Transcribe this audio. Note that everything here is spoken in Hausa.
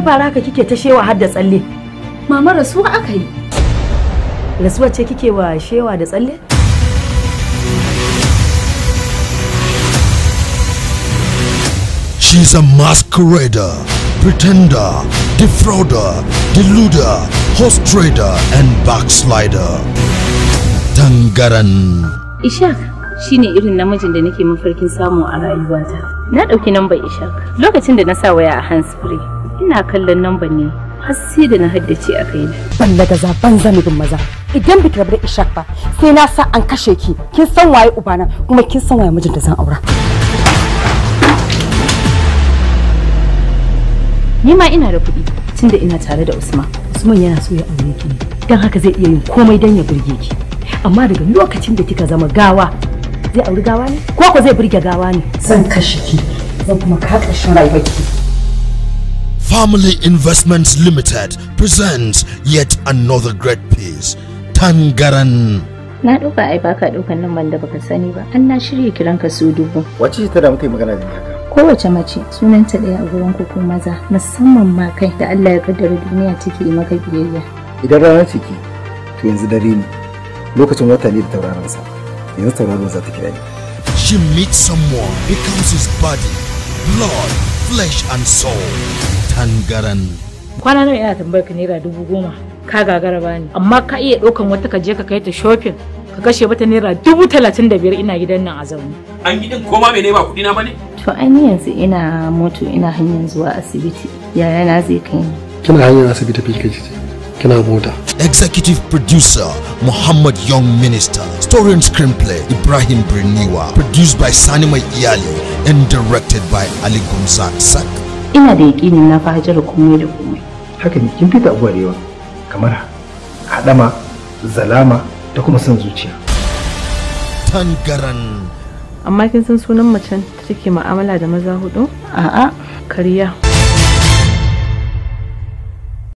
me ya ka kike ta shewa har da tsalle mama rasuwa aka yi rasuwa ce kike wa shewa da tsalle She's a masquerader, pretender, defrauder, deluder, horse trader, and backslider. Tangaran. Ishak shine irin namijin da nake mafarkin samu a rayuwata. Na ɗauki nambar Ishak lokacin da na sa waya a hands ina kallon namban ne har sai da na haddace a kaina balla da zaban zanubin maza idan biki rabu da ishak ba sai na sa an kashe ki kin san waye ubana kuma kin san waye mijin da zan aura ni ma ina da kuɗi tunda ina tare da usman usman yana so ya aure ki ne dan haka zai iya yin komai dan ya burge ki amma daga lokacin da kika zama gawa zai auri gawa ne ko ko zai burge gawa ne zan kashe ki zan kuma ka ƙarshen rayuwarki Family Investments Limited presents yet another great piece, Tangaran. Na ɗauka ai baka ɗaukan nan wanda baka sani ba, an na shirya kiran ka su dubu. Wace ce ta da yi magana da haka? Kowace mace sunanta ɗaya a gurin ku maza, musamman ma kai da Allah ya kaddara duniya take yi maka biyayya. Idan ranar ciki, to yanzu dare ne, lokacin wata ne da tauraron sa, yanzu tauraron za ta kira ni. She meets someone, becomes his body, blood flesh and soul tangaran kwana nawa ina tambayar ka naira dubu goma ka gagara bani amma ka iya ɗaukan wata ka je ka kai ta shopping ka kashe mata naira dubu talatin da biyar ina gidan nan a zaune. An gidan koma mai nema kuɗi na bane? To an yanzu ina moto ina hanyar zuwa asibiti yaya na zai kai ni. Kina hanyar asibiti fi kai kina mota. Executive producer Muhammad Young Minister. Story and screenplay Ibrahim Briniwa. Produced by Sanima Iyali. and directed by Ali Gumzan Sak. Ina da yakinin na fa hajara komai da komai. Haka ne kin fita abuwa da yawa kamar haɗama, zalama da kuma son zuciya. Tangaran. Amma kin san sunan macen take mu'amala da maza hudu? A'a. Kariya.